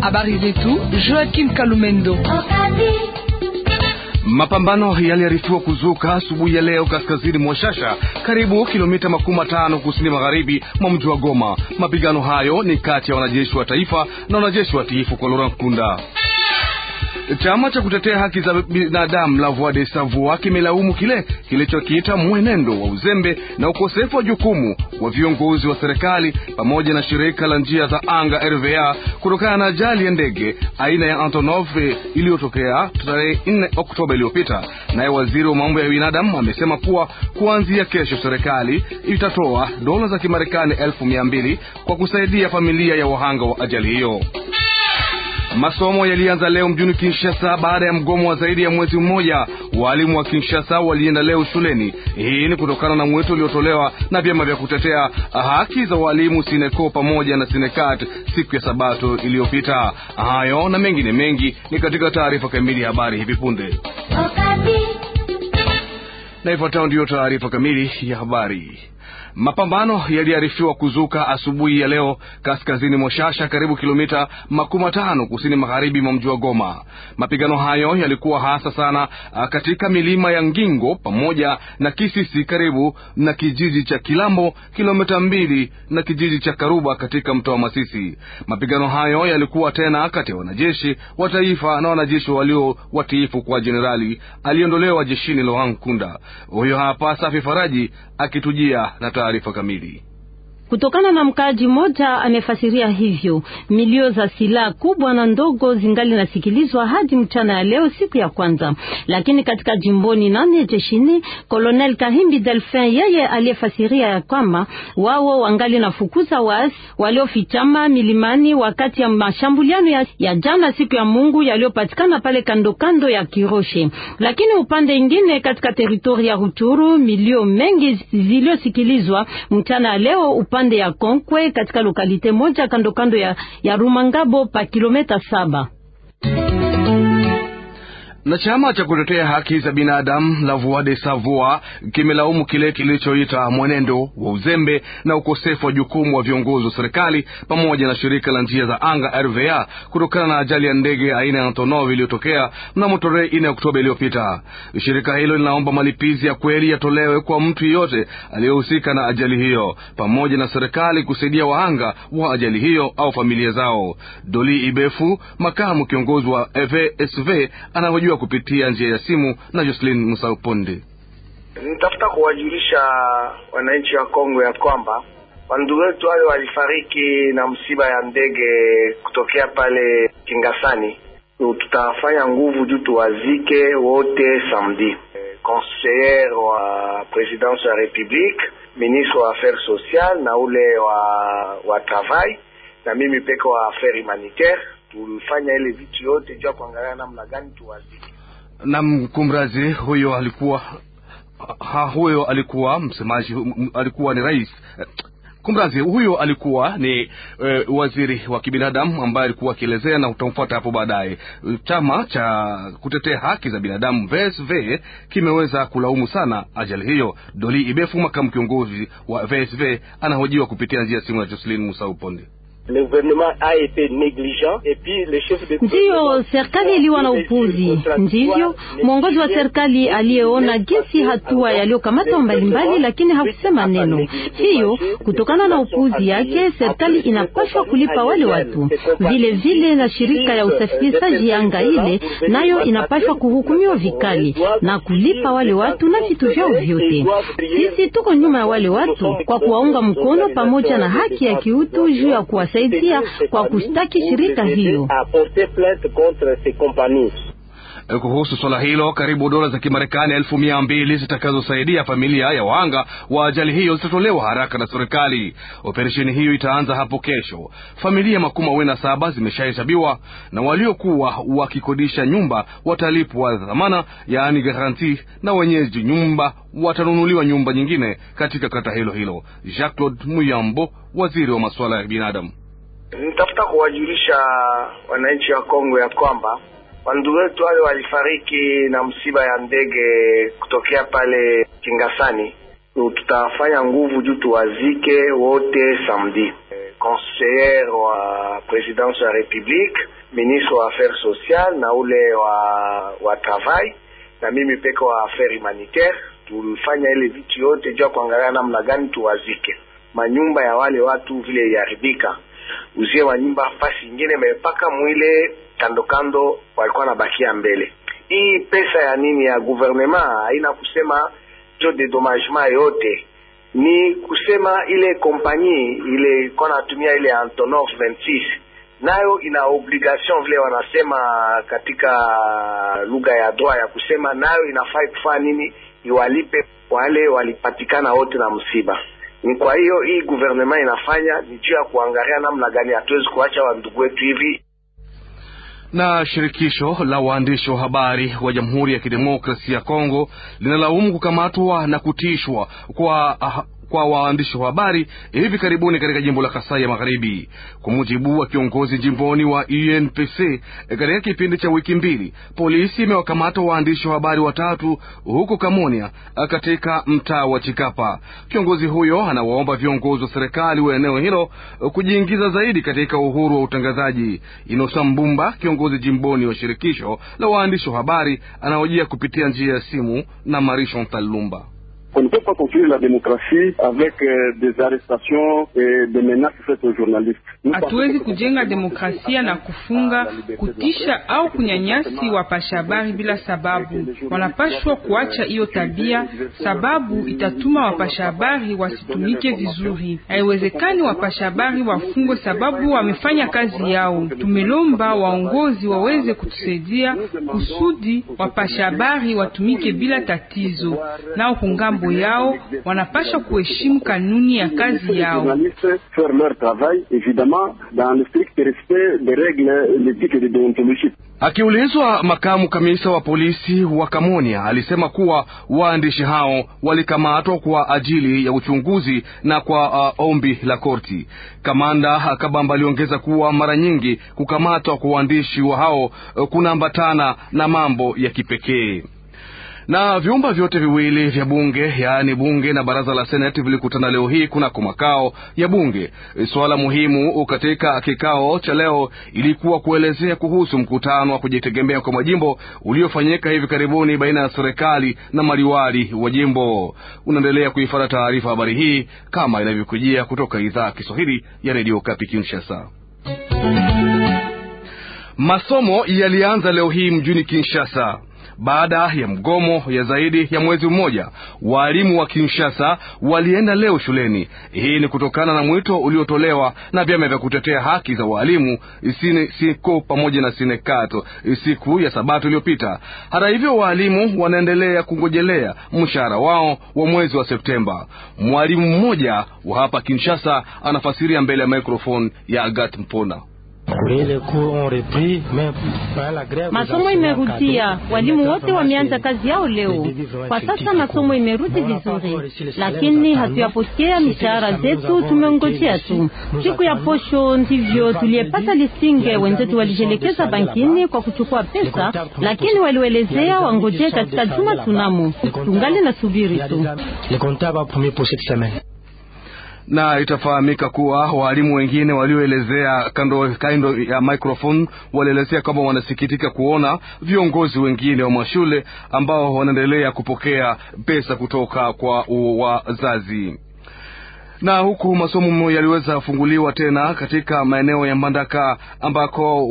Habari zetu Joakim Kalumendo. Mapambano yaliarifiwa kuzuka asubuhi ya leo kaskazini mwa Shasha, karibu kilomita makumi matano kusini magharibi mwa mji wa Goma. Mapigano hayo ni kati ya wanajeshi wa taifa na wanajeshi wa tiifu kwa Laurent Nkunda. Chama cha kutetea haki za binadamu la Voix des Sans Voix kimelaumu kile kilichokiita mwenendo wa uzembe na ukosefu wa jukumu wa viongozi wa serikali pamoja na shirika la njia za anga RVA kutokana na ajali ya ndege aina ya Antonov iliyotokea tarehe 4 Oktoba iliyopita. Naye waziri wa mambo ya binadamu amesema kuwa kuanzia kesho serikali itatoa dola za Kimarekani elfu mia mbili kwa kusaidia familia ya wahanga wa ajali hiyo. Masomo yalianza leo mjini Kinshasa baada ya mgomo wa zaidi ya mwezi mmoja. Walimu wa Kinshasa walienda leo shuleni. Hii ni kutokana na mwito uliotolewa na vyama vya kutetea haki za walimu Sineko pamoja na Sinekat siku ya Sabato iliyopita. Hayo na mengine mengi ni katika taarifa kamili ya habari hivi punde, na ifuatayo ndiyo taarifa kamili ya habari. Mapambano yaliarifiwa kuzuka asubuhi ya leo kaskazini Shasha, karibu kilomita makumi tano kusini magharibi mwa mji wa Goma. Mapigano hayo yalikuwa hasa sana ah, katika milima ya Ngingo pamoja na Kisisi, karibu na kijiji cha Kilambo, kilomita mbili na kijiji cha Karuba katika mto wa Masisi. Mapigano hayo yalikuwa tena kati ya wanajeshi wa taifa na wanajeshi walio watiifu kwa jenerali aliyeondolewa jeshini Laurent kunda Huyo hapa Safi Faraji akitujia na taarifa kamili. Kutokana na mkaaji mmoja amefasiria hivyo, milio za silaha kubwa na ndogo zingali nasikilizwa hadi mchana ya leo, siku ya kwanza. Lakini katika jimboni nane jeshini, Colonel Kahimbi Delfin yeye aliyefasiria ya kwamba wao wangali nafukuza waasi waliofichama milimani wakati ya mashambuliano ya, ya jana siku ya Mungu yaliyopatikana pale kando kando ya Kiroshe. Lakini upande ingine katika teritori ya Ruchuru, milio mengi ziliyosikilizwa mchana ya leo pande ya Konkwe katika lokalite moja kandokando ya, ya Rumangabo pa kilometa saba na chama cha kutetea haki za binadamu la Voix des Sans kimelaumu kile kilichoita mwenendo wa uzembe na ukosefu wa jukumu wa viongozi wa serikali pamoja na shirika la njia za anga RVA kutokana na ajali ya ndege aina ya Antonov iliyotokea mnamo tarehe 4 Oktoba iliyopita. Shirika hilo linaomba malipizi ya kweli yatolewe kwa mtu yeyote aliyehusika na ajali hiyo, pamoja na serikali kusaidia wahanga wa ajali hiyo au familia zao. Doli Ibefu, makamu kiongozi wa FSV, anahojiwa yao kupitia njia ya simu na Jocelyn Musauponde. Nitafuta kuwajulisha wananchi wa Kongo ya kwamba wandu wetu wale walifariki na msiba ya ndege kutokea pale Kingasani. Tutafanya nguvu juu tuwazike wote samedi. Conseiller wa presidence ya republique, ministre wa affaires sociales na ule wa wa travail na mimi peke wa affaires humanitaire, tulifanya ile vitu yote juu kuangalia namna gani tuwazike na mkumrazi huyo alikuwa ha, huyo alikuwa msemaji, alikuwa ni rais kumrazi, huyo alikuwa ni e, waziri wa kibinadamu ambaye alikuwa akielezea na utamfuata hapo baadaye. Chama cha kutetea haki za binadamu VSV kimeweza kulaumu sana ajali hiyo. Doli Ibefu, makamu kiongozi wa VSV, anahojiwa kupitia njia ya simu ya joselin Musa Uponde le ndiyo serikali iliwa na upuzi. Ndivyo mwongozi wa serikali aliyeona jinsi hatua yaliyokamatwa mbalimbali, lakini hakusema neno. Hiyo kutokana na upuzi yake, serikali inapaswa kulipa wale watu vile vile, na shirika ya euh, usafirishaji anga ile nayo inapaswa kuhukumiwa vikali na kulipa wale watu na vitu vyao vyote. Sisi tuko nyuma ya wale watu kwa kuwaunga mkono pamoja na haki ya kiutu juu ya kuwa kumsaidia kwa kustaki shirika hiyo. Eh, kuhusu swala hilo, karibu dola za Kimarekani elfu mia mbili zitakazosaidia familia ya wahanga wa ajali hiyo zitatolewa haraka na serikali. Operesheni hiyo itaanza hapo kesho. Familia makumi mawili na saba zimeshahesabiwa na waliokuwa wakikodisha nyumba watalipwa dhamana, yaani garanti, na wenyeji nyumba watanunuliwa nyumba nyingine katika kata hilo hilo. Jacques Claude Muyambo, waziri wa masuala ya binadamu Nitafuta kuwajulisha wananchi wa Kongo ya kwamba wandu wetu wale walifariki na msiba ya ndege kutokea pale Kingasani. Tutafanya nguvu juu tuwazike wote samedi. Conseiller wa presidence ya republique, ministre wa affaires sociales na ule wa wa travail na mimi peke wa affaires humanitaire, tulifanya ile vitu yote juu ya kuangalia namna gani tuwazike manyumba ya wale watu vile iharibika uzie wa nyumba fasi ingine mepaka mwile kando kando walikuwa nabakia mbele. Hii pesa ya nini ya gouvernement haina kusema jo de yote, ni kusema ile kompanyi ile kwa natumia ile Antonov 26 nayo ina obligation vile wanasema katika lugha ya doa ya kusema nayo inafai kufanya nini, iwalipe wale walipatikana wote na msiba. Ni kwa hiyo hii guvernema inafanya ni juu ya kuangalia namna gani hatuwezi kuacha wandugu wetu hivi na shirikisho la waandishi wa habari wa Jamhuri ya Kidemokrasia ya Kongo linalaumu kukamatwa na kutishwa kwa ah, kwa waandishi wa habari hivi karibuni katika jimbo la Kasai ya Magharibi. Kwa mujibu wa kiongozi jimboni wa UNPC, e katika kipindi cha wiki mbili polisi imewakamata waandishi wa habari watatu huko Kamonia katika mtaa wa Chikapa. Kiongozi huyo anawaomba viongozi wa serikali wa eneo hilo kujiingiza zaidi katika uhuru wa utangazaji. Inosa Mbumba, kiongozi jimboni wa shirikisho la waandishi wa habari, anaojia kupitia njia ya simu na Marisho Ntalumba. On ne peut pas construire la démocratie avec euh, des arrestations et des menaces faites aux journalistes. Hatuwezi kujenga demokrasia na kufunga, kutisha au kunyanyasi wapasha habari bila sababu. Wanapashwa kuacha hiyo tabia, sababu itatuma wapasha habari wasitumike vizuri. Haiwezekani wapasha habari wafungwe sababu wamefanya kazi yao. Tumelomba waongozi waweze kutusaidia kusudi wapasha habari watumike bila tatizo nao kungambo mambo yao, wanapaswa kuheshimu kanuni ya kazi yao. Akiulizwa, makamu kamisa wa polisi wa Kamonia alisema kuwa waandishi hao walikamatwa kwa ajili ya uchunguzi na kwa uh, ombi la korti. Kamanda Kabamba aliongeza kuwa mara nyingi kukamatwa kwa waandishi wa hao uh, kunaambatana na mambo ya kipekee. Na vyumba vyote viwili vya bunge yaani bunge na baraza la seneti vilikutana leo hii kunako makao ya bunge. E, suala muhimu katika kikao cha leo ilikuwa kuelezea kuhusu mkutano wa kujitegemea kwa majimbo uliofanyika hivi karibuni baina ya serikali na maliwali wa jimbo. Unaendelea kuifata taarifa habari hii kama inavyokujia kutoka idhaa Kiswahili ya redio Kapi Kinshasa. Masomo yalianza leo hii mjini Kinshasa baada ya mgomo ya zaidi ya mwezi mmoja. Waalimu wa Kinshasa walienda leo shuleni. Hii ni kutokana na mwito uliotolewa na vyama vya kutetea haki za waalimu siku pamoja na Sinekato siku ya Sabato iliyopita. Hata hivyo, waalimu wanaendelea kungojelea mshahara wao wa mwezi wa Septemba. Mwalimu mmoja wa hapa Kinshasa anafasiria mbele ya mikrofoni ya Agat Mpona. Masomo imerudia, walimu wote wameanza kazi yao leo. Kwa sasa masomo imerudi vizuri, lakini hatuyapokea mishahara zetu, tumeongojea tu. Siku ya posho ndivyo tuliyepata lisinge. Wenzetu walijelekeza bankini kwa kuchukua pesa, lakini waliwelezea wangojee katika juma tunamo. Tungali na subiri tu na itafahamika kuwa walimu wengine walioelezea kando kando ya microphone walielezea kwamba wanasikitika kuona viongozi wengine wa mashule ambao wanaendelea kupokea pesa kutoka kwa wazazi na huku masomo yaliweza kufunguliwa tena katika maeneo ya Mbandaka ambako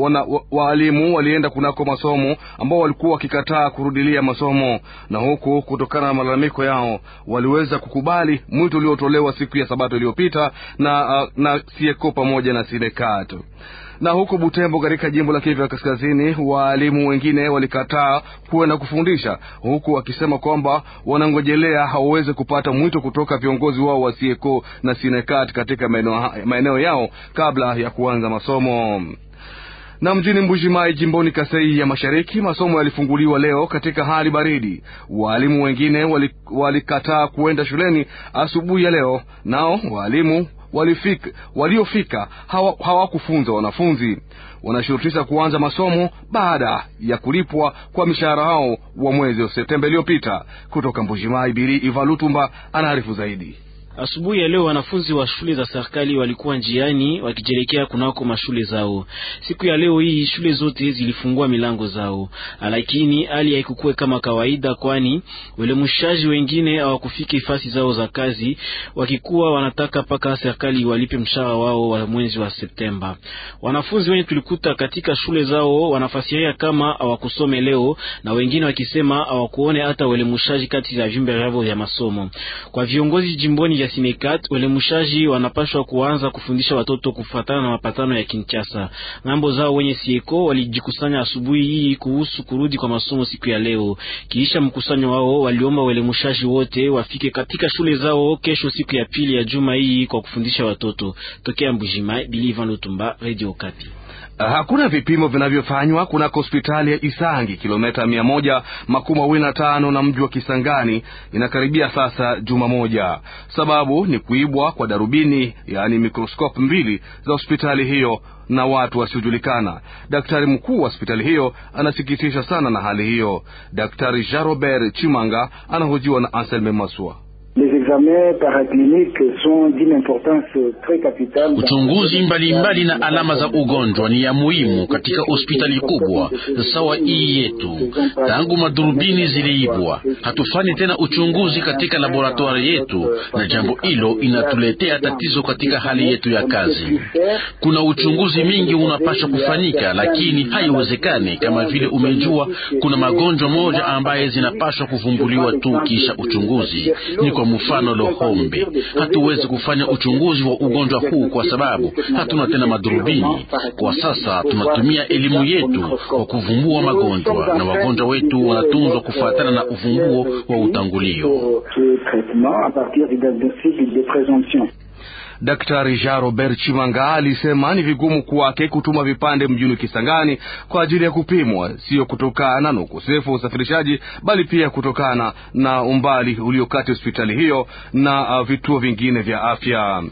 waalimu wa walienda kunako masomo ambao walikuwa wakikataa kurudilia masomo, na huku kutokana na malalamiko yao waliweza kukubali mwito uliotolewa siku ya Sabato iliyopita na, uh, na Sieko pamoja na Sidekat. Na huko Butembo katika jimbo la Kivu ya Kaskazini, waalimu wengine walikataa kuenda kufundisha, huku wakisema kwamba wanangojelea hawaweze kupata mwito kutoka viongozi wao wa Sieko na Sinekat katika maeneo yao kabla ya kuanza masomo na mjini Mbujimai jimboni Kasai ya Mashariki, masomo yalifunguliwa leo katika hali baridi. Waalimu wengine walikataa wali kuenda shuleni asubuhi ya leo, nao waalimu waliofika hawakufunza hawa wanafunzi, wanashurutisha kuanza masomo baada ya kulipwa kwa mishahara hao wa mwezi wa Septemba iliyopita. Kutoka Mbujimai, Bili Ivalutumba anaarifu zaidi. Asubuhi ya leo wanafunzi wa shule za serikali walikuwa njiani wakijelekea kunako mashule zao. Siku ya leo hii shule zote zilifungua milango zao, lakini hali haikukuwa kama kawaida, kwani welemushaji wengine hawakufika ifasi zao za kazi, wakikuwa wanataka mpaka serikali walipe mshahara wao wa mwezi wa Septemba. Wanafunzi wenye tulikuta katika shule zao wanafasiria kama hawakusome leo, na wengine wakisema hawakuone hata welemushaji kati ya vyumba vyavo vya masomo. Kwa viongozi jimboni ya Simekat uelemushaji wanapashwa kuanza kufundisha watoto kufuatana na mapatano ya Kinshasa. Ngambo zao wenye sieko walijikusanya asubuhi hii kuhusu kurudi kwa masomo siku ya leo. Kiisha mkusanyo wao, waliomba uelemushaji wote wafike katika shule zao kesho, siku ya pili ya juma hii kwa kufundisha watoto. Tokea Mbujimai, Bilivan Lutumba, Radio kati Eh, hakuna vipimo vinavyofanywa kunako hospitali ya Isangi, kilomita mia moja makumi mawili na tano na mji wa Kisangani, inakaribia sasa juma moja. Sababu ni kuibwa kwa darubini, yaani mikroskopu mbili za hospitali hiyo na watu wasiojulikana. Daktari mkuu wa hospitali hiyo anasikitisha sana na hali hiyo. Daktari Jean Robert Chimanga anahojiwa na Anselme Maswa examens paracliniques sont d'une importance très capitale. Uchunguzi mbalimbali na alama za ugonjwa ni ya muhimu katika hospitali kubwa sawa hii yetu. Tangu madurubini ziliibwa, hatufanyi tena uchunguzi katika laboratori yetu, na jambo hilo inatuletea tatizo katika hali yetu ya kazi. Kuna uchunguzi mingi unapaswa kufanyika, lakini haiwezekani. Kama vile umejua, kuna magonjwa moja ambaye zinapaswa kuvumbuliwa tu kisha uchunguzi ni kwa mfano mfano Lohombe. Hatuwezi kufanya uchunguzi wa ugonjwa huu kwa sababu hatuna tena madurubini. Kwa sasa tunatumia elimu yetu kwa kuvumbua magonjwa, na wagonjwa wetu wanatunzwa kufuatana na uvumbuo wa utangulio. Daktari Jean Robert Chimanga alisema ni vigumu kwake kutuma vipande mjini Kisangani kwa ajili ya kupimwa, sio kutokana na ukosefu wa usafirishaji, bali pia kutokana na umbali uliokati hospitali hiyo na uh, vituo vingine vya afya.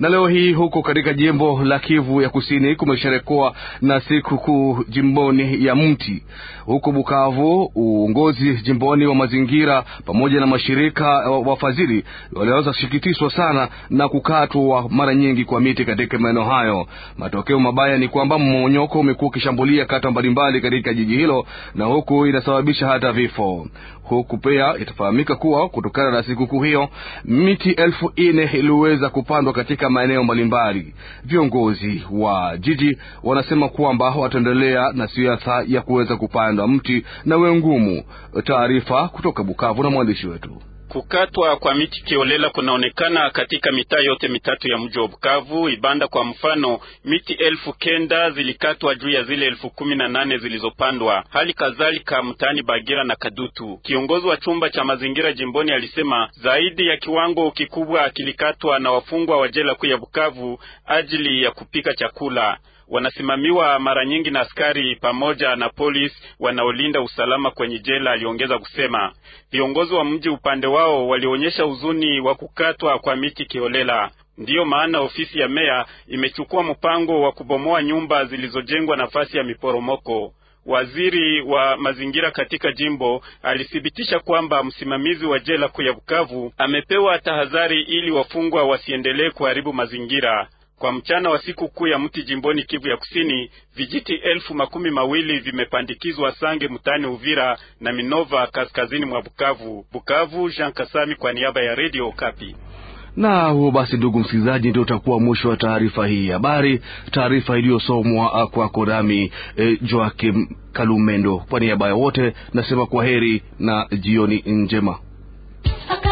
Na leo hii huko katika jimbo la Kivu ya Kusini kumesherekewa na siku kuu jimboni ya mti. Huko Bukavu, uongozi jimboni wa mazingira pamoja na mashirika wafadhili waliweza kusikitishwa sana na kukatwa mara nyingi kwa miti katika maeneo hayo. Matokeo mabaya ni kwamba mmonyoko umekuwa ukishambulia kata mbalimbali katika jiji hilo, na huku inasababisha hata vifo. Huku pia itafahamika kuwa kutokana na sikukuu hiyo miti elfu nne iliweza kupandwa katika maeneo mbalimbali. Viongozi wa jiji wanasema kwamba wataendelea na siasa ya kuweza kupanda mti na we ngumu. Taarifa kutoka Bukavu na mwandishi wetu Kukatwa kwa miti kiolela kunaonekana katika mitaa yote mitatu ya mji wa Bukavu. Ibanda kwa mfano, miti elfu kenda zilikatwa juu ya zile elfu kumi na nane zilizopandwa. Hali kadhalika mtaani Bagira na Kadutu. Kiongozi wa chumba cha mazingira jimboni alisema zaidi ya kiwango kikubwa kilikatwa na wafungwa wa jela kuu ya Bukavu ajili ya kupika chakula wanasimamiwa mara nyingi na askari pamoja na polisi wanaolinda usalama kwenye jela, aliongeza kusema. Viongozi wa mji upande wao walionyesha huzuni wa kukatwa kwa miti kiholela. Ndiyo maana ofisi ya meya imechukua mpango wa kubomoa nyumba zilizojengwa nafasi ya miporomoko. Waziri wa mazingira katika jimbo alithibitisha kwamba msimamizi wa jela kuu ya Bukavu amepewa tahadhari ili wafungwa wasiendelee kuharibu mazingira. Kwa mchana wa siku kuu ya mti jimboni Kivu ya Kusini, vijiti elfu makumi mawili vimepandikizwa Sange mtaani Uvira na Minova kaskazini mwa Bukavu. Bukavu, Jean Kasami kwa niaba ya Radio Kapi na huo basi, ndugu msikilizaji, ndio utakuwa mwisho wa taarifa hii habari, taarifa iliyosomwa kwako nami e, Joakim Kalumendo. Kwa niaba ya wote nasema kwa heri na jioni njema.